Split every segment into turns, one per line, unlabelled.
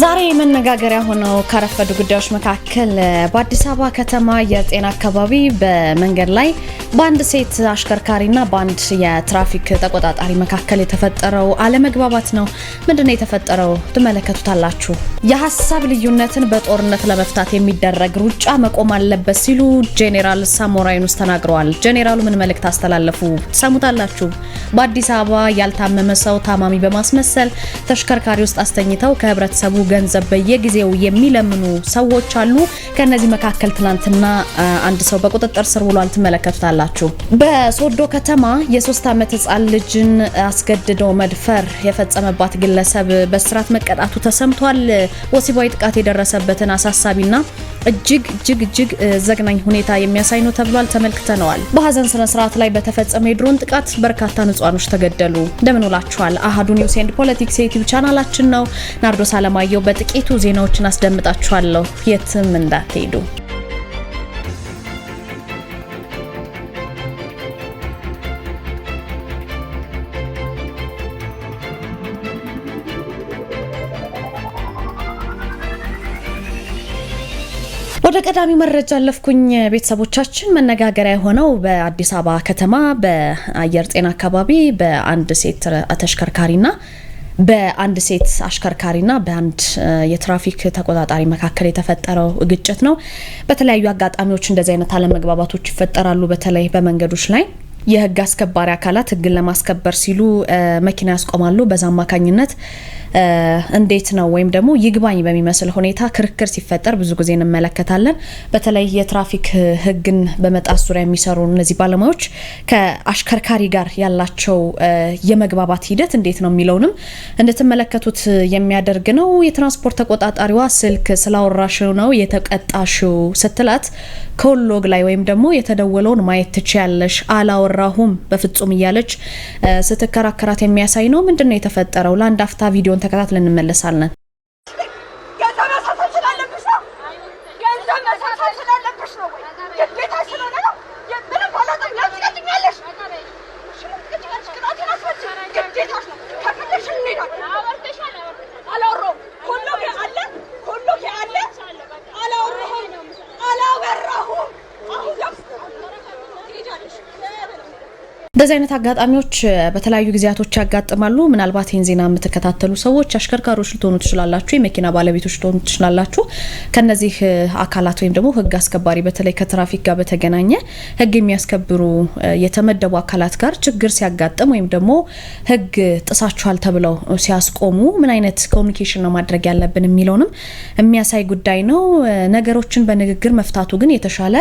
ዛሬ መነጋገሪያ ሆነው ካረፈዱ ጉዳዮች መካከል በአዲስ አበባ ከተማ የጤና አካባቢ በመንገድ ላይ በአንድ ሴት አሽከርካሪና በአንድ የትራፊክ ተቆጣጣሪ መካከል የተፈጠረው አለመግባባት ነው። ምንድነው የተፈጠረው? ትመለከቱታላችሁ። የሀሳብ ልዩነትን በጦርነት ለመፍታት የሚደረግ ሩጫ መቆም አለበት ሲሉ ጄኔራል ሳሞራ ዩኑስ ተናግረዋል። ጄኔራሉ ምን መልእክት አስተላለፉ? ትሰሙታላችሁ። በአዲስ አበባ ያልታመመ ሰው ታማሚ በማስመሰል ተሽከርካሪ ውስጥ አስተኝተው ከህብረተሰቡ ገንዘብ በየጊዜው የሚለምኑ ሰዎች አሉ። ከነዚህ መካከል ትናንትና አንድ ሰው በቁጥጥር ስር ውሏል። ትመለከቱታላችሁ። በሶዶ ከተማ የሶስት ዓመት ህጻን ልጅን አስገድዶ መድፈር የፈጸመባት ግለሰብ በእስራት መቀጣቱ ተሰምቷል። ወሲባዊ ጥቃት የደረሰበትን አሳሳቢና እጅግ እጅግ እጅግ ዘግናኝ ሁኔታ የሚያሳይ ነው ተብሏል። ተመልክተነዋል። በሀዘን ስነ ስርዓት ላይ በተፈጸመ የድሮን ጥቃት በርካታ ንጹሃኖች ተገደሉ። እንደምን ውላችኋል። አሀዱ ኒውስ ኤንድ ፖለቲክስ የዩቲዩብ ቻናላችን ነው። ናርዶስ አለማየ ስንታየው በጥቂቱ ዜናዎችን አስደምጣችኋለሁ። የትም እንዳትሄዱ። ወደ ቀዳሚ መረጃ አለፍኩኝ። ቤተሰቦቻችን መነጋገሪያ የሆነው በአዲስ አበባ ከተማ በአየር ጤና አካባቢ በአንድ ሴት ተሽከርካሪና በአንድ ሴት አሽከርካሪና በአንድ የትራፊክ ተቆጣጣሪ መካከል የተፈጠረው ግጭት ነው። በተለያዩ አጋጣሚዎች እንደዚህ አይነት አለመግባባቶች ይፈጠራሉ። በተለይ በመንገዶች ላይ የህግ አስከባሪ አካላት ህግን ለማስከበር ሲሉ መኪና ያስቆማሉ። በዛ አማካኝነት እንዴት ነው ወይም ደግሞ ይግባኝ በሚመስል ሁኔታ ክርክር ሲፈጠር ብዙ ጊዜ እንመለከታለን። በተለይ የትራፊክ ሕግን በመጣስ ዙሪያ የሚሰሩ እነዚህ ባለሙያዎች ከአሽከርካሪ ጋር ያላቸው የመግባባት ሂደት እንዴት ነው የሚለውንም እንድትመለከቱት የሚያደርግ ነው። የትራንስፖርት ተቆጣጣሪዋ ስልክ ስላወራሽው ነው የተቀጣሽው ስትላት ከሎግ ላይ ወይም ደግሞ የተደወለውን ማየት ትችያለሽ፣ አላወራሁም በፍጹም እያለች ስትከራከራት የሚያሳይ ነው። ምንድን ነው የተፈጠረው? ለአንድ አፍታ ቪዲዮ ተከታትለን እንመለሳለን። እንደዚህ አይነት አጋጣሚዎች በተለያዩ ጊዜያቶች ያጋጥማሉ። ምናልባት ይህን ዜና የምትከታተሉ ሰዎች አሽከርካሪዎች ልትሆኑ ትችላላችሁ፣ የመኪና ባለቤቶች ልትሆኑ ትችላላችሁ። ከነዚህ አካላት ወይም ደግሞ ህግ አስከባሪ በተለይ ከትራፊክ ጋር በተገናኘ ህግ የሚያስከብሩ የተመደቡ አካላት ጋር ችግር ሲያጋጥም ወይም ደግሞ ህግ ጥሳችኋል ተብለው ሲያስቆሙ ምን አይነት ኮሚኒኬሽን ነው ማድረግ ያለብን የሚለውንም የሚያሳይ ጉዳይ ነው። ነገሮችን በንግግር መፍታቱ ግን የተሻለ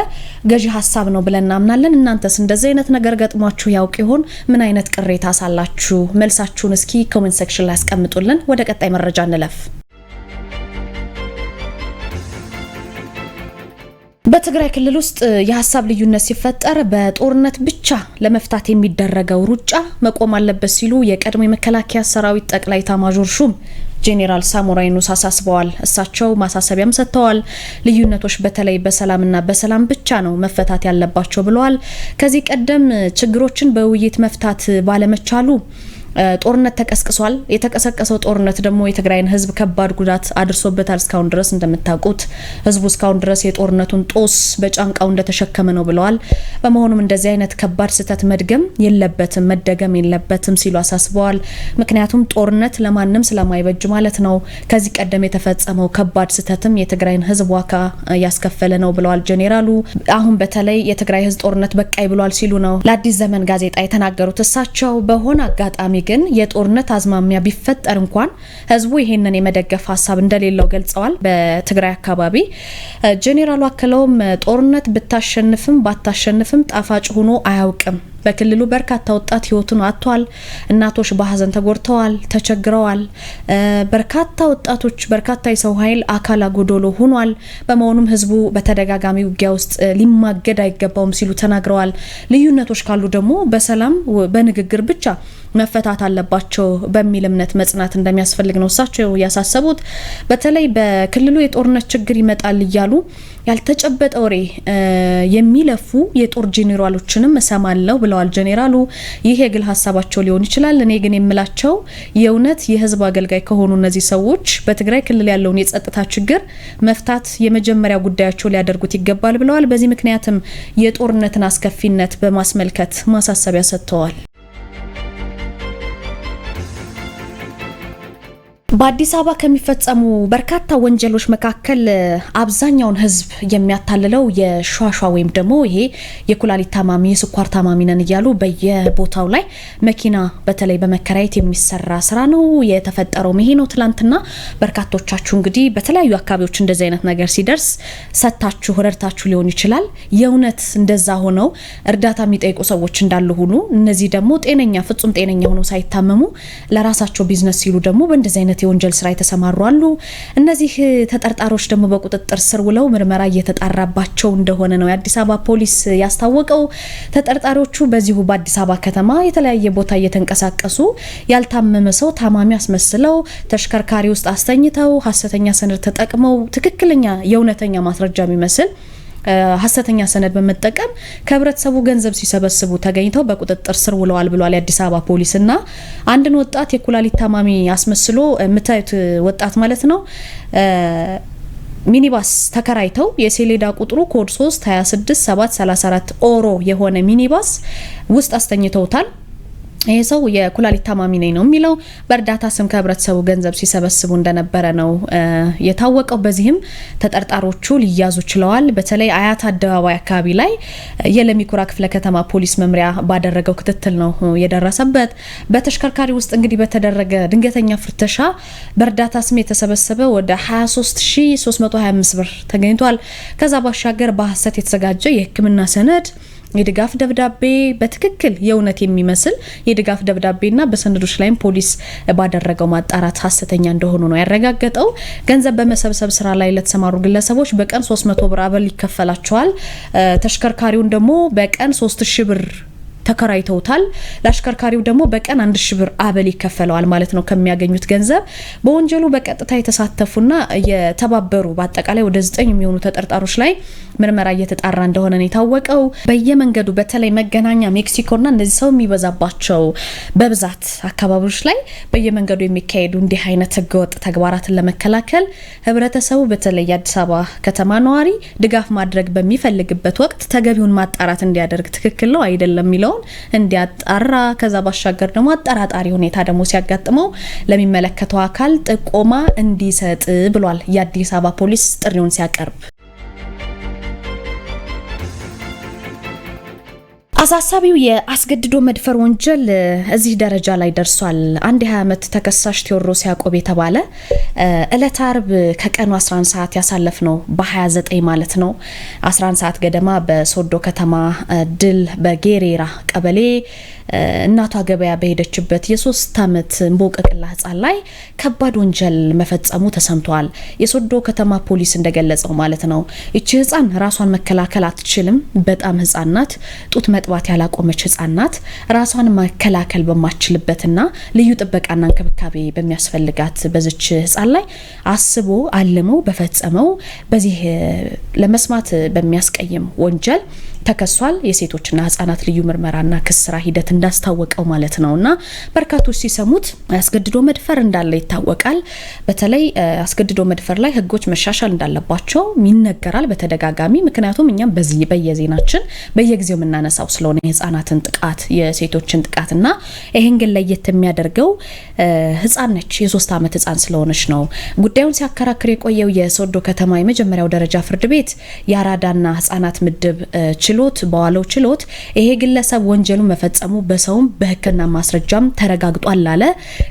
ገዢ ሀሳብ ነው ብለን እናምናለን። እናንተስ እንደዚህ አይነት ነገር ገጥሟችሁ ያው ያውቅ ይሆን? ምን አይነት ቅሬታ ሳላችሁ መልሳችሁን እስኪ ኮሜንት ሴክሽን ላይ ያስቀምጡልን። ወደ ቀጣይ መረጃ እንለፍ። በትግራይ ክልል ውስጥ የሀሳብ ልዩነት ሲፈጠር በጦርነት ብቻ ለመፍታት የሚደረገው ሩጫ መቆም አለበት ሲሉ የቀድሞ የመከላከያ ሰራዊት ጠቅላይ ኤታማዦር ሹም ጄኔራል ሳሙራይ ኑስ አሳስበዋል። እሳቸው ማሳሰቢያም ሰጥተዋል። ልዩነቶች በተለይ በሰላምና በሰላም ብቻ ነው መፈታት ያለባቸው ብለዋል። ከዚህ ቀደም ችግሮችን በውይይት መፍታት ባለመቻሉ ጦርነት ተቀስቅሷል። የተቀሰቀሰው ጦርነት ደግሞ የትግራይን ህዝብ ከባድ ጉዳት አድርሶበታል። እስካሁን ድረስ እንደምታውቁት ህዝቡ እስካሁን ድረስ የጦርነቱን ጦስ በጫንቃው እንደተሸከመ ነው ብለዋል። በመሆኑም እንደዚህ አይነት ከባድ ስህተት መድገም የለበትም መደገም የለበትም ሲሉ አሳስበዋል። ምክንያቱም ጦርነት ለማንም ስለማይበጅ ማለት ነው። ከዚህ ቀደም የተፈጸመው ከባድ ስህተትም የትግራይን ህዝብ ዋካ ያስከፈለ ነው ብለዋል ጄኔራሉ። አሁን በተለይ የትግራይ ህዝብ ጦርነት በቃይ ብሏል ሲሉ ነው ለአዲስ ዘመን ጋዜጣ የተናገሩት። እሳቸው በሆነ አጋጣሚ ግን የጦርነት አዝማሚያ ቢፈጠር እንኳን ህዝቡ ይሄንን የመደገፍ ሀሳብ እንደሌለው ገልጸዋል። በትግራይ አካባቢ ጄኔራሉ አክለውም ጦርነት ብታሸንፍም ባታሸንፍም ጣፋጭ ሆኖ አያውቅም በክልሉ በርካታ ወጣት ህይወቱን አጥቷል። እናቶች በሀዘን ተጎድተዋል፣ ተቸግረዋል። በርካታ ወጣቶች፣ በርካታ የሰው ኃይል አካል አጎዶሎ ሆኗል። በመሆኑም ህዝቡ በተደጋጋሚ ውጊያ ውስጥ ሊማገድ አይገባውም ሲሉ ተናግረዋል። ልዩነቶች ካሉ ደግሞ በሰላም በንግግር ብቻ መፈታት አለባቸው በሚል እምነት መጽናት እንደሚያስፈልግ ነው እሳቸው ያሳሰቡት። በተለይ በክልሉ የጦርነት ችግር ይመጣል እያሉ ያልተጨበጠ ወሬ የሚለፉ የጦር ጄኔራሎችንም እሰማለሁ ብለዋል ጄኔራሉ። ይህ የግል ሀሳባቸው ሊሆን ይችላል። እኔ ግን የምላቸው የእውነት የህዝብ አገልጋይ ከሆኑ እነዚህ ሰዎች በትግራይ ክልል ያለውን የጸጥታ ችግር መፍታት የመጀመሪያ ጉዳያቸው ሊያደርጉት ይገባል ብለዋል። በዚህ ምክንያትም የጦርነትን አስከፊነት በማስመልከት ማሳሰቢያ ሰጥተዋል። በአዲስ አበባ ከሚፈጸሙ በርካታ ወንጀሎች መካከል አብዛኛውን ሕዝብ የሚያታልለው የሿሿ ወይም ደግሞ ይሄ የኩላሊት ታማሚ የስኳር ታማሚ ነን እያሉ በየቦታው ላይ መኪና በተለይ በመከራየት የሚሰራ ስራ ነው። የተፈጠረው ይሄ ነው። ትናንትና በርካቶቻችሁ እንግዲህ በተለያዩ አካባቢዎች እንደዚህ አይነት ነገር ሲደርስ ሰታችሁ ረድታችሁ ሊሆን ይችላል። የእውነት እንደዛ ሆነው እርዳታ የሚጠይቁ ሰዎች እንዳሉ ሁኑ እነዚህ ደግሞ ጤነኛ ፍጹም ጤነኛ ሆነው ሳይታመሙ ለራሳቸው ቢዝነስ ሲሉ ደግሞ በእንደዚህ አይነት የወንጀል ስራ የተሰማሩ አሉ። እነዚህ ተጠርጣሪዎች ደግሞ በቁጥጥር ስር ውለው ምርመራ እየተጣራባቸው እንደሆነ ነው የአዲስ አበባ ፖሊስ ያስታወቀው። ተጠርጣሪዎቹ በዚሁ በአዲስ አበባ ከተማ የተለያየ ቦታ እየተንቀሳቀሱ ያልታመመ ሰው ታማሚ አስመስለው ተሽከርካሪ ውስጥ አስተኝተው ሀሰተኛ ሰነድ ተጠቅመው ትክክለኛ የእውነተኛ ማስረጃ የሚመስል ሀሰተኛ ሰነድ በመጠቀም ከህብረተሰቡ ገንዘብ ሲሰበስቡ ተገኝተው በቁጥጥር ስር ውለዋል ብሏል የአዲስ አበባ ፖሊስ። እና አንድን ወጣት የኩላሊት ታማሚ አስመስሎ የምታዩት ወጣት ማለት ነው ሚኒባስ ተከራይተው የሴሌዳ ቁጥሩ ኮድ 3 26 734 ኦሮ የሆነ ሚኒባስ ውስጥ አስተኝተውታል። ይህ ሰው የኩላሊት ታማሚ ነኝ ነው የሚለው። በእርዳታ ስም ከህብረተሰቡ ገንዘብ ሲሰበስቡ እንደነበረ ነው የታወቀው። በዚህም ተጠርጣሪዎቹ ሊያዙ ችለዋል። በተለይ አያት አደባባይ አካባቢ ላይ የለሚኩራ ክፍለ ከተማ ፖሊስ መምሪያ ባደረገው ክትትል ነው የደረሰበት። በተሽከርካሪ ውስጥ እንግዲህ በተደረገ ድንገተኛ ፍተሻ በእርዳታ ስም የተሰበሰበ ወደ 23325 ብር ተገኝቷል። ከዛ ባሻገር በሀሰት የተዘጋጀ የህክምና ሰነድ የድጋፍ ደብዳቤ በትክክል የእውነት የሚመስል የድጋፍ ደብዳቤና በሰነዶች ላይም ፖሊስ ባደረገው ማጣራት ሀሰተኛ እንደሆኑ ነው ያረጋገጠው። ገንዘብ በመሰብሰብ ስራ ላይ ለተሰማሩ ግለሰቦች በቀን 300 ብር አበል ይከፈላቸዋል። ተሽከርካሪውን ደግሞ በቀን 3000 ብር ተከራይተውታል። ለአሽከርካሪው ደግሞ በቀን አንድ ሺ ብር አበል ይከፈለዋል ማለት ነው ከሚያገኙት ገንዘብ። በወንጀሉ በቀጥታ የተሳተፉና የተባበሩ በአጠቃላይ ወደ ዘጠኝ የሚሆኑ ተጠርጣሮች ላይ ምርመራ እየተጣራ እንደሆነ ነው የታወቀው። በየመንገዱ በተለይ መገናኛ፣ ሜክሲኮና እነዚህ ሰው የሚበዛባቸው በብዛት አካባቢዎች ላይ በየመንገዱ የሚካሄዱ እንዲህ አይነት ህገወጥ ተግባራትን ለመከላከል ህብረተሰቡ በተለይ የአዲስ አበባ ከተማ ነዋሪ ድጋፍ ማድረግ በሚፈልግበት ወቅት ተገቢውን ማጣራት እንዲያደርግ ትክክል ነው አይደለም የሚለው ሁኔታውን እንዲያጣራ ከዛ ባሻገር ደግሞ አጠራጣሪ ሁኔታ ደግሞ ሲያጋጥመው ለሚመለከተው አካል ጥቆማ እንዲሰጥ ብሏል የአዲስ አበባ ፖሊስ ጥሪውን ሲያቀርብ አሳሳቢው የአስገድዶ መድፈር ወንጀል እዚህ ደረጃ ላይ ደርሷል። አንድ የ20 ዓመት ተከሳሽ ቴዎድሮስ ያዕቆብ የተባለ እለት አርብ ከቀኑ 11 ሰዓት ያሳለፍ ነው በ29 ማለት ነው 11 ሰዓት ገደማ በሶዶ ከተማ ድል በጌሬራ ቀበሌ እናቷ ገበያ በሄደችበት የሶስት ዓመት እምቦቀቅላ ህጻን ላይ ከባድ ወንጀል መፈጸሙ ተሰምቷል። የሶዶ ከተማ ፖሊስ እንደገለጸው ማለት ነው። ይቺ ህጻን ራሷን መከላከል አትችልም። በጣም ህፃን ናት። ጡት መጥባት ያላቆመች ህፃን ናት። ራሷን መከላከል በማችልበትና ልዩ ጥበቃና እንክብካቤ በሚያስፈልጋት በዝች ህጻን ላይ አስቦ አልሞ በፈጸመው በዚህ ለመስማት በሚያስቀይም ወንጀል ተከሷል። የሴቶችና ህጻናት ልዩ ምርመራና ክስ ስራ ሂደት እንዳስታወቀው ማለት ነው እና በርካቶች ሲሰሙት አስገድዶ መድፈር እንዳለ ይታወቃል። በተለይ አስገድዶ መድፈር ላይ ህጎች መሻሻል እንዳለባቸው ይነገራል በተደጋጋሚ ምክንያቱም እኛም በዚህ በየዜናችን በየጊዜው የምናነሳው ስለሆነ የህጻናትን ጥቃት የሴቶችን ጥቃት እና ይህን ግን ለየት የሚያደርገው ህጻን ነች፣ የሶስት ዓመት ህጻን ስለሆነች ነው። ጉዳዩን ሲያከራክር የቆየው የሶዶ ከተማ የመጀመሪያው ደረጃ ፍርድ ቤት የአራዳና ህጻናት ምድብ ችሎ ችሎት በዋለው ችሎት ይሄ ግለሰብ ወንጀሉ መፈጸሙ በሰውም በሕክምና ማስረጃም ተረጋግጧል አለ።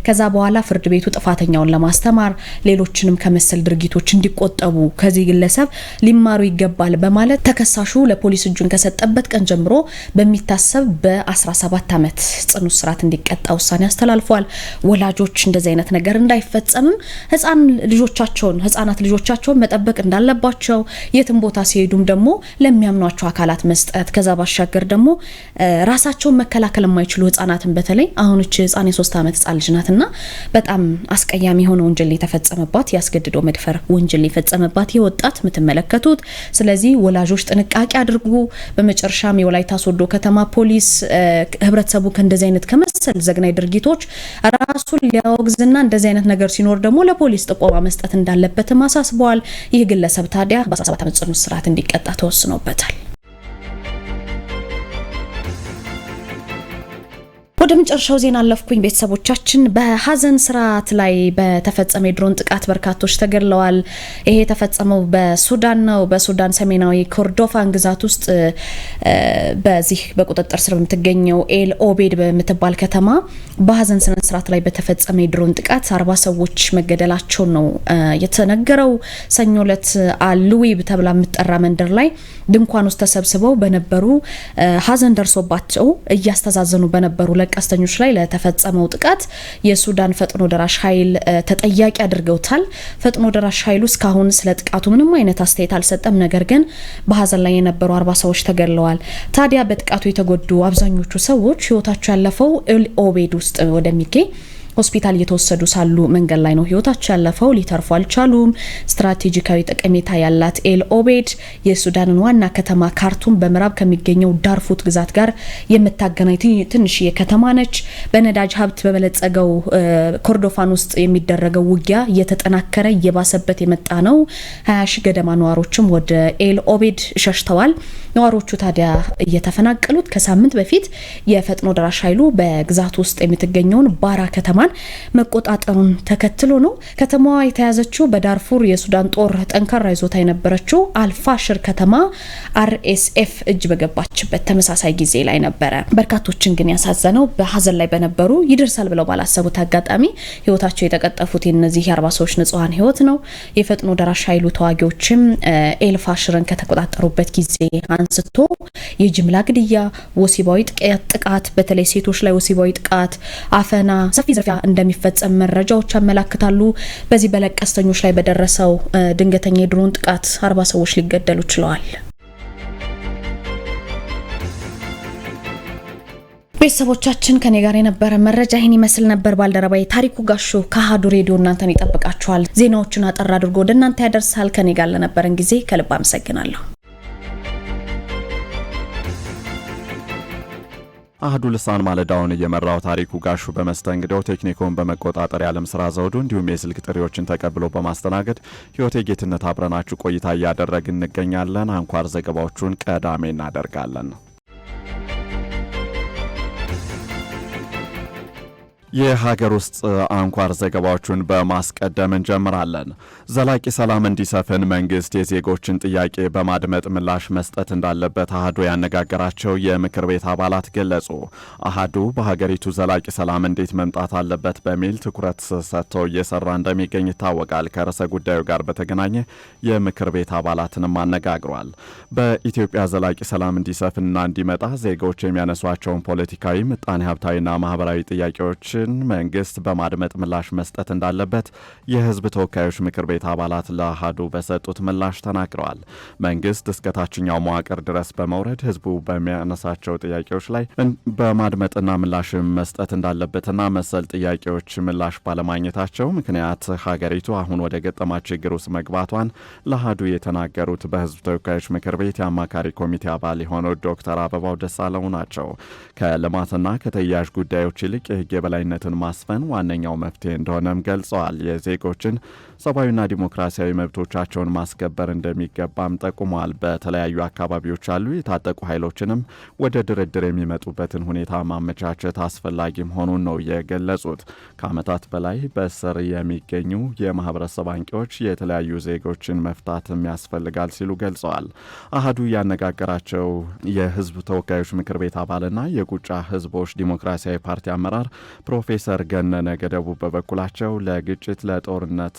ከዛ በኋላ ፍርድ ቤቱ ጥፋተኛውን ለማስተማር ሌሎችንም ከመሰል ድርጊቶች እንዲቆጠቡ ከዚህ ግለሰብ ሊማሩ ይገባል በማለት ተከሳሹ ለፖሊስ እጁን ከሰጠበት ቀን ጀምሮ በሚታሰብ በ17 ዓመት ጽኑ እስራት እንዲቀጣ ውሳኔ አስተላልፏል። ወላጆች እንደዚህ አይነት ነገር እንዳይፈጸምም ህጻን ልጆቻቸውን ህጻናት ልጆቻቸውን መጠበቅ እንዳለባቸው የትም ቦታ ሲሄዱም ደግሞ ለሚያምኗቸው አካላት መስጠት ከዛ ባሻገር ደግሞ ራሳቸውን መከላከል የማይችሉ ህጻናትን በተለይ አሁንች ህጻን የሶስት ዓመት ህጻን ልጅ ናትና በጣም አስቀያሚ የሆነ ወንጀል የተፈጸመባት ያስገድዶ መድፈር ወንጀል የፈጸመባት የወጣት የምትመለከቱት። ስለዚህ ወላጆች ጥንቃቄ አድርጉ። በመጨረሻም የወላይታ ሶዶ ከተማ ፖሊስ ህብረተሰቡ ከእንደዚህ አይነት ከመሰል ዘግናይ ድርጊቶች ራሱን ሊያወግዝና እንደዚህ አይነት ነገር ሲኖር ደግሞ ለፖሊስ ጥቆማ መስጠት እንዳለበትም አሳስበዋል። ይህ ግለሰብ ታዲያ በ17 ዓመት ጽኑ እስራት እንዲቀጣ ተወስኖበታል። ወደ መጨረሻው ዜና አለፍኩኝ። ቤተሰቦቻችን በሀዘን ስርዓት ላይ በተፈጸመ የድሮን ጥቃት በርካቶች ተገድለዋል። ይሄ የተፈጸመው በሱዳን ነው። በሱዳን ሰሜናዊ ኮርዶፋን ግዛት ውስጥ በዚህ በቁጥጥር ስር በምትገኘው ኤል ኦቤድ በምትባል ከተማ በሀዘን ስነ ስርዓት ላይ በተፈጸመ የድሮን ጥቃት አርባ ሰዎች መገደላቸው ነው የተነገረው። ሰኞ ዕለት አልዊብ ተብላ የምትጠራ መንደር ላይ ድንኳን ውስጥ ተሰብስበው በነበሩ ሀዘን ደርሶባቸው እያስተዛዘኑ በነበሩ ለቀ ቀስተኞች ላይ ለተፈጸመው ጥቃት የሱዳን ፈጥኖ ደራሽ ኃይል ተጠያቂ አድርገውታል። ፈጥኖ ደራሽ ኃይሉ እስካሁን ስለ ጥቃቱ ምንም አይነት አስተያየት አልሰጠም። ነገር ግን በሀዘን ላይ የነበሩ አርባ ሰዎች ተገድለዋል። ታዲያ በጥቃቱ የተጎዱ አብዛኞቹ ሰዎች ህይወታቸው ያለፈው ኦቤድ ውስጥ ወደሚገኝ ሆስፒታል እየተወሰዱ ሳሉ መንገድ ላይ ነው ህይወታቸው ያለፈው። ሊተርፉ አልቻሉም። ስትራቴጂካዊ ጠቀሜታ ያላት ኤል ኦቤድ የሱዳንን ዋና ከተማ ካርቱም በምዕራብ ከሚገኘው ዳርፉት ግዛት ጋር የምታገናኝ ትንሽዬ ከተማ ነች። በነዳጅ ሀብት በበለጸገው ኮርዶፋን ውስጥ የሚደረገው ውጊያ እየተጠናከረ እየባሰበት የመጣ ነው። ሀያ ሺ ገደማ ነዋሪዎችም ወደ ኤል ኦቤድ ሸሽተዋል። ነዋሪዎቹ ታዲያ እየተፈናቀሉት ከሳምንት በፊት የፈጥኖ ደራሽ ኃይሉ በግዛት ውስጥ የምትገኘውን ባራ ከተማ ከተማዋን መቆጣጠሩን ተከትሎ ነው። ከተማዋ የተያዘችው በዳርፉር የሱዳን ጦር ጠንካራ ይዞታ የነበረችው አልፋሽር ከተማ አርኤስኤፍ እጅ በገባችበት ተመሳሳይ ጊዜ ላይ ነበረ። በርካቶችን ግን ያሳዘነው በሀዘን ላይ በነበሩ ይደርሳል ብለው ባላሰቡት አጋጣሚ ህይወታቸው የተቀጠፉት የነዚህ የአርባ ሰዎች ንጹሐን ህይወት ነው። የፈጥኖ ደራሽ ኃይሉ ተዋጊዎችም ኤልፋሽርን ከተቆጣጠሩበት ጊዜ አንስቶ የጅምላ ግድያ፣ ወሲባዊ ጥቃት፣ በተለይ ሴቶች ላይ ወሲባዊ ጥቃት፣ አፈና፣ ሰፊ ዘርፊያ እንደሚፈጸም መረጃዎች ያመላክታሉ። በዚህ በለቀስተኞች ላይ በደረሰው ድንገተኛ የድሮን ጥቃት አርባ ሰዎች ሊገደሉ ችለዋል። ቤተሰቦቻችን ከኔ ጋር የነበረ መረጃ ይህን ይመስል ነበር። ባልደረባ ታሪኩ ጋሹ ከአሀዱ ሬዲዮ እናንተን ይጠብቃችኋል። ዜናዎቹን አጠር አድርጎ ወደ እናንተ ያደርሳል። ከኔ ጋር ለነበረን ጊዜ ከልብ አመሰግናለሁ።
አህዱ ልሳን ማለዳውን እየመራው ታሪኩ ጋሹ በመስተንግደው ቴክኒኮን በመቆጣጠር የዓለም ስራ ዘውዱ እንዲሁም የስልክ ጥሪዎችን ተቀብሎ በማስተናገድ ህይወቴ ጌትነት አብረናችሁ ቆይታ እያደረግ እንገኛለን። አንኳር ዘገባዎቹን ቀዳሜ እናደርጋለን። የሀገር ውስጥ አንኳር ዘገባዎቹን በማስቀደም እንጀምራለን። ዘላቂ ሰላም እንዲሰፍን መንግስት የዜጎችን ጥያቄ በማድመጥ ምላሽ መስጠት እንዳለበት አህዱ ያነጋገራቸው የምክር ቤት አባላት ገለጹ። አህዱ በሀገሪቱ ዘላቂ ሰላም እንዴት መምጣት አለበት በሚል ትኩረት ሰጥተው እየሰራ እንደሚገኝ ይታወቃል። ከርዕሰ ጉዳዩ ጋር በተገናኘ የምክር ቤት አባላትንም አነጋግሯል። በኢትዮጵያ ዘላቂ ሰላም እንዲሰፍንና እንዲመጣ ዜጎች የሚያነሷቸውን ፖለቲካዊ፣ ምጣኔ ሀብታዊና ማህበራዊ ጥያቄዎችን መንግስት በማድመጥ ምላሽ መስጠት እንዳለበት የህዝብ ተወካዮች ምክር ቤት ቤት አባላት ለአሃዱ በሰጡት ምላሽ ተናግረዋል። መንግስት እስከ ታችኛው መዋቅር ድረስ በመውረድ ህዝቡ በሚያነሳቸው ጥያቄዎች ላይ በማድመጥና ምላሽ መስጠት እንዳለበትና መሰል ጥያቄዎች ምላሽ ባለማግኘታቸው ምክንያት ሀገሪቱ አሁን ወደ ገጠማ ችግር ውስጥ መግባቷን ለአሃዱ የተናገሩት በህዝብ ተወካዮች ምክር ቤት የአማካሪ ኮሚቴ አባል የሆነው ዶክተር አበባው ደሳለው ናቸው። ከልማትና ከተያያዥ ጉዳዮች ይልቅ የህግ የበላይነትን ማስፈን ዋነኛው መፍትሄ እንደሆነም ገልጸዋል። የዜጎችን ሰብአዊና ዲሞክራሲያዊ መብቶቻቸውን ማስከበር እንደሚገባም ጠቁመዋል። በተለያዩ አካባቢዎች ያሉ የታጠቁ ኃይሎችንም ወደ ድርድር የሚመጡበትን ሁኔታ ማመቻቸት አስፈላጊ መሆኑን ነው የገለጹት። ከዓመታት በላይ በእስር የሚገኙ የማህበረሰብ አንቂዎች የተለያዩ ዜጎችን መፍታትም ያስፈልጋል ሲሉ ገልጸዋል። አህዱ ያነጋገራቸው የህዝብ ተወካዮች ምክር ቤት አባልና የቁጫ ህዝቦች ዲሞክራሲያዊ ፓርቲ አመራር ፕሮፌሰር ገነነ ገደቡ በበኩላቸው ለግጭት ለጦርነት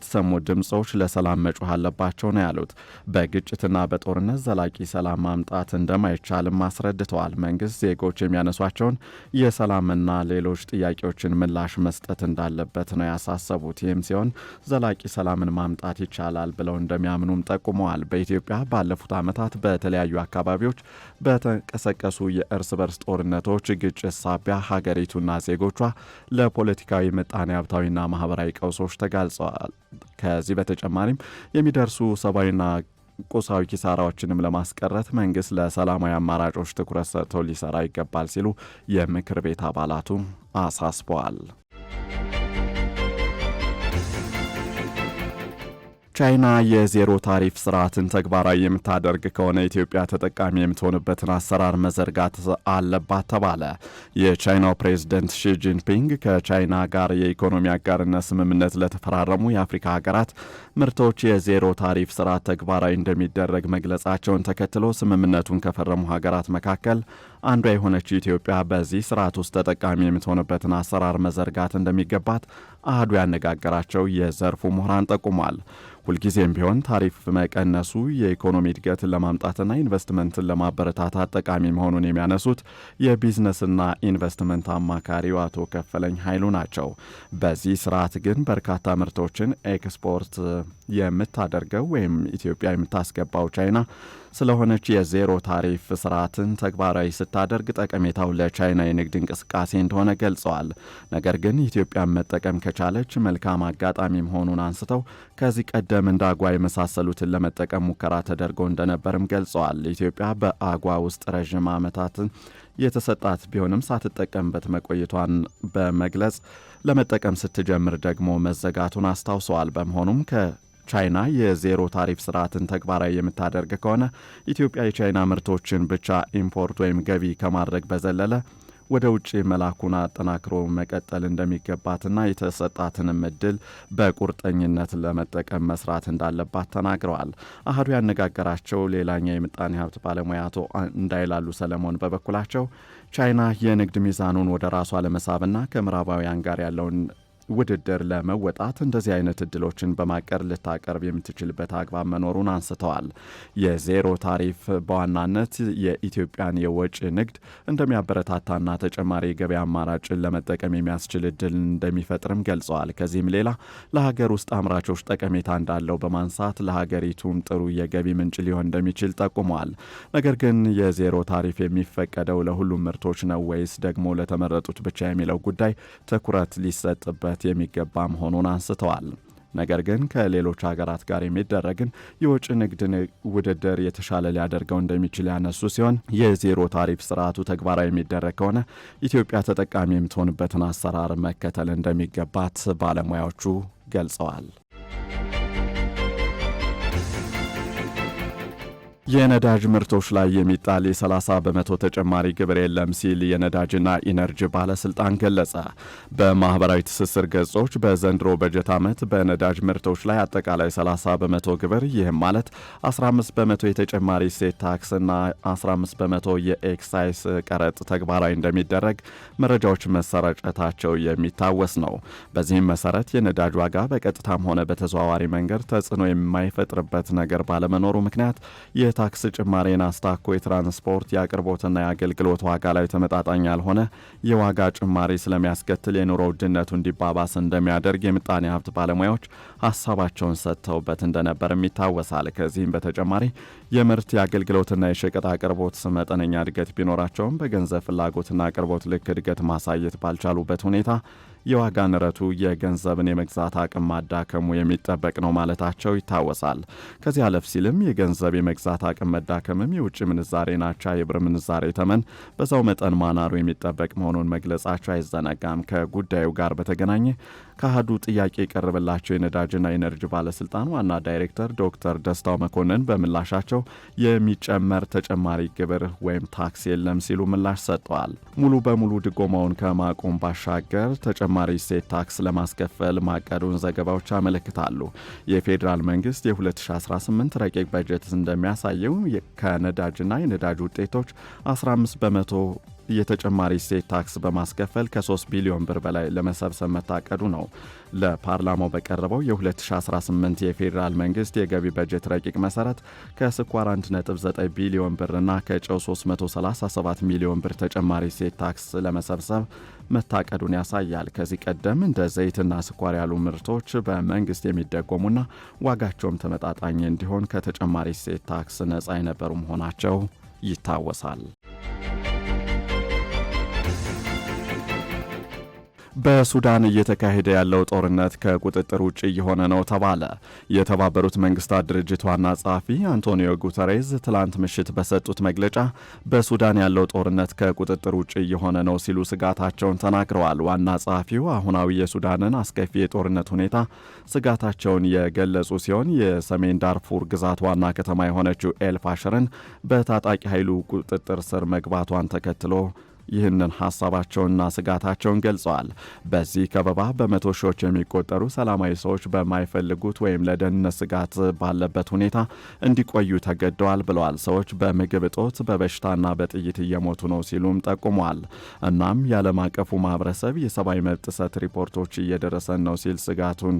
የተሰሙ ድምፆች ለሰላም መጮህ አለባቸው ነው ያሉት። በግጭትና በጦርነት ዘላቂ ሰላም ማምጣት እንደማይቻልም አስረድተዋል። መንግስት ዜጎች የሚያነሷቸውን የሰላምና ሌሎች ጥያቄዎችን ምላሽ መስጠት እንዳለበት ነው ያሳሰቡት። ይህም ሲሆን ዘላቂ ሰላምን ማምጣት ይቻላል ብለው እንደሚያምኑም ጠቁመዋል። በኢትዮጵያ ባለፉት ዓመታት በተለያዩ አካባቢዎች በተንቀሰቀሱ የእርስ በርስ ጦርነቶች፣ ግጭት ሳቢያ ሀገሪቱና ዜጎቿ ለፖለቲካዊ ምጣኔ ሀብታዊና ማህበራዊ ቀውሶች ተጋልጸዋል ከዚህ በተጨማሪም የሚደርሱ ሰብአዊና ቁሳዊ ኪሳራዎችንም ለማስቀረት መንግስት ለሰላማዊ አማራጮች ትኩረት ሰጥቶ ሊሰራ ይገባል ሲሉ የምክር ቤት አባላቱ አሳስበዋል። ቻይና የዜሮ ታሪፍ ስርዓትን ተግባራዊ የምታደርግ ከሆነ ኢትዮጵያ ተጠቃሚ የምትሆንበትን አሰራር መዘርጋት አለባት ተባለ። የቻይናው ፕሬዝደንት ሺጂንፒንግ ከቻይና ጋር የኢኮኖሚ አጋርነት ስምምነት ለተፈራረሙ የአፍሪካ ሀገራት ምርቶች የዜሮ ታሪፍ ስርዓት ተግባራዊ እንደሚደረግ መግለጻቸውን ተከትሎ ስምምነቱን ከፈረሙ ሀገራት መካከል አንዷ የሆነች ኢትዮጵያ በዚህ ስርዓት ውስጥ ተጠቃሚ የምትሆንበትን አሰራር መዘርጋት እንደሚገባት አህዱ ያነጋገራቸው የዘርፉ ምሁራን ጠቁሟል። ሁልጊዜም ቢሆን ታሪፍ መቀነሱ የኢኮኖሚ እድገትን ለማምጣትና ኢንቨስትመንትን ለማበረታታት ጠቃሚ መሆኑን የሚያነሱት የቢዝነስና ኢንቨስትመንት አማካሪው አቶ ከፈለኝ ኃይሉ ናቸው። በዚህ ስርዓት ግን በርካታ ምርቶችን ኤክስፖርት የምታደርገው ወይም ኢትዮጵያ የምታስገባው ቻይና ስለሆነች የዜሮ ታሪፍ ስርዓትን ተግባራዊ ስታደርግ ጠቀሜታው ለቻይና የንግድ እንቅስቃሴ እንደሆነ ገልጸዋል። ነገር ግን ኢትዮጵያን መጠቀም ከቻለች መልካም አጋጣሚ መሆኑን አንስተው ከዚህ ቀደም እንደ አጓ የመሳሰሉትን ለመጠቀም ሙከራ ተደርጎ እንደነበርም ገልጸዋል። ኢትዮጵያ በአጓ ውስጥ ረዥም ዓመታት የተሰጣት ቢሆንም ሳትጠቀምበት መቆየቷን በመግለጽ ለመጠቀም ስትጀምር ደግሞ መዘጋቱን አስታውሰዋል። በመሆኑም ከቻይና የዜሮ ታሪፍ ስርዓትን ተግባራዊ የምታደርግ ከሆነ ኢትዮጵያ የቻይና ምርቶችን ብቻ ኢምፖርት ወይም ገቢ ከማድረግ በዘለለ ወደ ውጭ መላኩን አጠናክሮ መቀጠል እንደሚገባትና የተሰጣትንም እድል በቁርጠኝነት ለመጠቀም መስራት እንዳለባት ተናግረዋል። አህዱ ያነጋገራቸው ሌላኛ የምጣኔ ሀብት ባለሙያ አቶ እንዳይላሉ ሰለሞን በበኩላቸው ቻይና የንግድ ሚዛኑን ወደ ራሷ ለመሳብና ከምዕራባውያን ጋር ያለውን ውድድር ለመወጣት እንደዚህ አይነት እድሎችን በማቀር ልታቀርብ የምትችልበት አግባብ መኖሩን አንስተዋል። የዜሮ ታሪፍ በዋናነት የኢትዮጵያን የወጪ ንግድ እንደሚያበረታታና ተጨማሪ የገበያ አማራጭን ለመጠቀም የሚያስችል እድል እንደሚፈጥርም ገልጸዋል። ከዚህም ሌላ ለሀገር ውስጥ አምራቾች ጠቀሜታ እንዳለው በማንሳት ለሀገሪቱም ጥሩ የገቢ ምንጭ ሊሆን እንደሚችል ጠቁመዋል። ነገር ግን የዜሮ ታሪፍ የሚፈቀደው ለሁሉም ምርቶች ነው ወይስ ደግሞ ለተመረጡት ብቻ የሚለው ጉዳይ ትኩረት ሊሰጥበት ሊበረከት የሚገባ መሆኑን አንስተዋል። ነገር ግን ከሌሎች ሀገራት ጋር የሚደረግን የውጭ ንግድ ውድድር የተሻለ ሊያደርገው እንደሚችል ያነሱ ሲሆን የዜሮ ታሪፍ ስርዓቱ ተግባራዊ የሚደረግ ከሆነ ኢትዮጵያ ተጠቃሚ የምትሆንበትን አሰራር መከተል እንደሚገባት ባለሙያዎቹ ገልጸዋል። የነዳጅ ምርቶች ላይ የሚጣል የ30 በመቶ ተጨማሪ ግብር የለም ሲል የነዳጅና ኢነርጂ ባለስልጣን ገለጸ። በማኅበራዊ ትስስር ገጾች በዘንድሮ በጀት ዓመት በነዳጅ ምርቶች ላይ አጠቃላይ 30 በመቶ ግብር ይህም ማለት 15 በመቶ የተጨማሪ ሴት ታክስና 15 በመቶ የኤክሳይስ ቀረጥ ተግባራዊ እንደሚደረግ መረጃዎች መሰራጨታቸው የሚታወስ ነው። በዚህም መሰረት የነዳጅ ዋጋ በቀጥታም ሆነ በተዘዋዋሪ መንገድ ተጽዕኖ የማይፈጥርበት ነገር ባለመኖሩ ምክንያት ታክስ ጭማሬን አስታኮ የትራንስፖርት የአቅርቦትና የአገልግሎት ዋጋ ላይ ተመጣጣኝ ያልሆነ የዋጋ ጭማሪ ስለሚያስከትል የኑሮ ውድነቱ እንዲባባስ እንደሚያደርግ የምጣኔ ሀብት ባለሙያዎች ሀሳባቸውን ሰጥተውበት እንደነበርም ይታወሳል። ከዚህም በተጨማሪ የምርት የአገልግሎትና የሸቀጥ አቅርቦት መጠነኛ እድገት ቢኖራቸውም በገንዘብ ፍላጎትና አቅርቦት ልክ እድገት ማሳየት ባልቻሉበት ሁኔታ የዋጋ ንረቱ የገንዘብን የመግዛት አቅም ማዳከሙ የሚጠበቅ ነው ማለታቸው ይታወሳል። ከዚህ አለፍ ሲልም የገንዘብ የመግዛት አቅም መዳከምም የውጭ ምንዛሬ ናቻ የብር ምንዛሬ ተመን በዛው መጠን ማናሩ የሚጠበቅ መሆኑን መግለጻቸው አይዘነጋም። ከጉዳዩ ጋር በተገናኘ ከአህዱ ጥያቄ የቀረበላቸው የነዳጅና ኤነርጂ ባለስልጣን ዋና ዳይሬክተር ዶክተር ደስታው መኮንን በምላሻቸው የሚጨመር ተጨማሪ ግብር ወይም ታክስ የለም ሲሉ ምላሽ ሰጥተዋል። ሙሉ በሙሉ ድጎማውን ከማቆም ባሻገር ተጨማሪ እሴት ታክስ ለማስከፈል ማቀዱን ዘገባዎች ያመለክታሉ። የፌዴራል መንግስት የ2018 ረቂቅ በጀት እንደሚያሳየው ከነዳጅና የነዳጅ ውጤቶች 15 በመቶ የተጨማሪ እሴት ታክስ በማስከፈል ከ3 ቢሊዮን ብር በላይ ለመሰብሰብ መታቀዱ ነው ለፓርላማው በቀረበው የ2018 የፌዴራል መንግስት የገቢ በጀት ረቂቅ መሰረት ከስኳር 1.9 ቢሊዮን ብርና ከጨው 337 ሚሊዮን ብር ተጨማሪ እሴት ታክስ ለመሰብሰብ መታቀዱን ያሳያል። ከዚህ ቀደም እንደ ዘይትና ስኳር ያሉ ምርቶች በመንግስት የሚደጎሙና ዋጋቸውም ተመጣጣኝ እንዲሆን ከተጨማሪ እሴት ታክስ ነጻ የነበሩ መሆናቸው ይታወሳል። በሱዳን እየተካሄደ ያለው ጦርነት ከቁጥጥር ውጭ እየሆነ ነው ተባለ። የተባበሩት መንግስታት ድርጅት ዋና ጸሐፊ አንቶኒዮ ጉተሬዝ ትላንት ምሽት በሰጡት መግለጫ በሱዳን ያለው ጦርነት ከቁጥጥር ውጭ እየሆነ ነው ሲሉ ስጋታቸውን ተናግረዋል። ዋና ጸሐፊው አሁናዊ የሱዳንን አስከፊ የጦርነት ሁኔታ ስጋታቸውን የገለጹ ሲሆን የሰሜን ዳርፉር ግዛት ዋና ከተማ የሆነችው ኤልፋሽርን በታጣቂ ኃይሉ ቁጥጥር ስር መግባቷን ተከትሎ ይህንን ሀሳባቸውንና ስጋታቸውን ገልጸዋል። በዚህ ከበባ በመቶ ሺዎች የሚቆጠሩ ሰላማዊ ሰዎች በማይፈልጉት ወይም ለደህንነት ስጋት ባለበት ሁኔታ እንዲቆዩ ተገደዋል ብለዋል። ሰዎች በምግብ እጦት በበሽታና በጥይት እየሞቱ ነው ሲሉም ጠቁመዋል። እናም የዓለም አቀፉ ማህበረሰብ የሰብአዊ መብት ጥሰት ሪፖርቶች እየደረሰን ነው ሲል ስጋቱን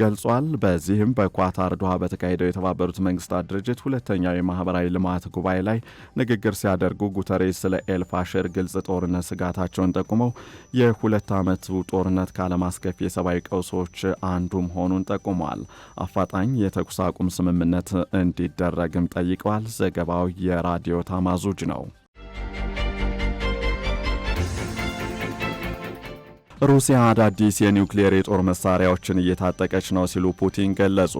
ገልጿል። በዚህም በኳታር ዶሃ በተካሄደው የተባበሩት መንግስታት ድርጅት ሁለተኛው የማህበራዊ ልማት ጉባኤ ላይ ንግግር ሲያደርጉ ጉተሬስ ስለ ኤልፋሽር ግልጽ ጦርነት ስጋታቸውን ጠቁመው የሁለት ዓመቱ ጦርነት ከዓለም አስከፊ የሰብአዊ ቀውሶች አንዱ መሆኑን ጠቁመዋል። አፋጣኝ የተኩስ አቁም ስምምነት እንዲደረግም ጠይቀዋል። ዘገባው የራዲዮ ታማዙጅ ነው። ሩሲያ አዳዲስ የኒውክሌር የጦር መሳሪያዎችን እየታጠቀች ነው ሲሉ ፑቲን ገለጹ።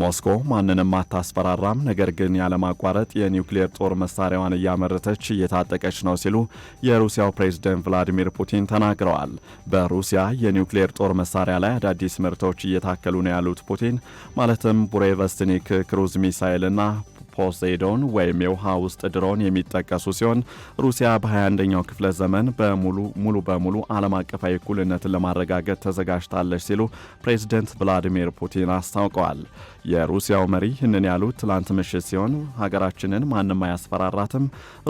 ሞስኮ ማንንም አታስፈራራም፣ ነገር ግን ያለማቋረጥ የኒውክሌር ጦር መሳሪያዋን እያመረተች እየታጠቀች ነው ሲሉ የሩሲያው ፕሬዝደንት ቭላዲሚር ፑቲን ተናግረዋል። በሩሲያ የኒውክሌር ጦር መሳሪያ ላይ አዳዲስ ምርቶች እየታከሉ ነው ያሉት ፑቲን ማለትም ቡሬቨስትኒክ ክሩዝ ሚሳይልና ፖሴዶን ወይም የውሃ ውስጥ ድሮን የሚጠቀሱ ሲሆን ሩሲያ በ21ኛው ክፍለ ዘመን ሙሉ በሙሉ ዓለም አቀፋዊ እኩልነትን ለማረጋገጥ ተዘጋጅታለች ሲሉ ፕሬዚደንት ቭላዲሚር ፑቲን አስታውቀዋል። የሩሲያው መሪ ይህንን ያሉት ትላንት ምሽት ሲሆን ሀገራችንን ማንም አያስፈራራትም፣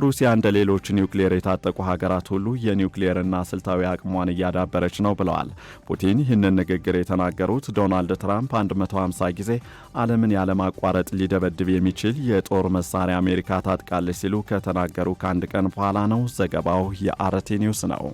ሩሲያ እንደ ሌሎች ኒውክሌር የታጠቁ ሀገራት ሁሉ የኒውክሌርና ስልታዊ አቅሟን እያዳበረች ነው ብለዋል። ፑቲን ይህንን ንግግር የተናገሩት ዶናልድ ትራምፕ 150 ጊዜ ዓለምን ያለማቋረጥ ሊደበድብ የሚችል የጦር መሳሪያ አሜሪካ ታጥቃለች ሲሉ ከተናገሩ ከአንድ ቀን በኋላ ነው። ዘገባው የአርቲ ኒውስ ነው።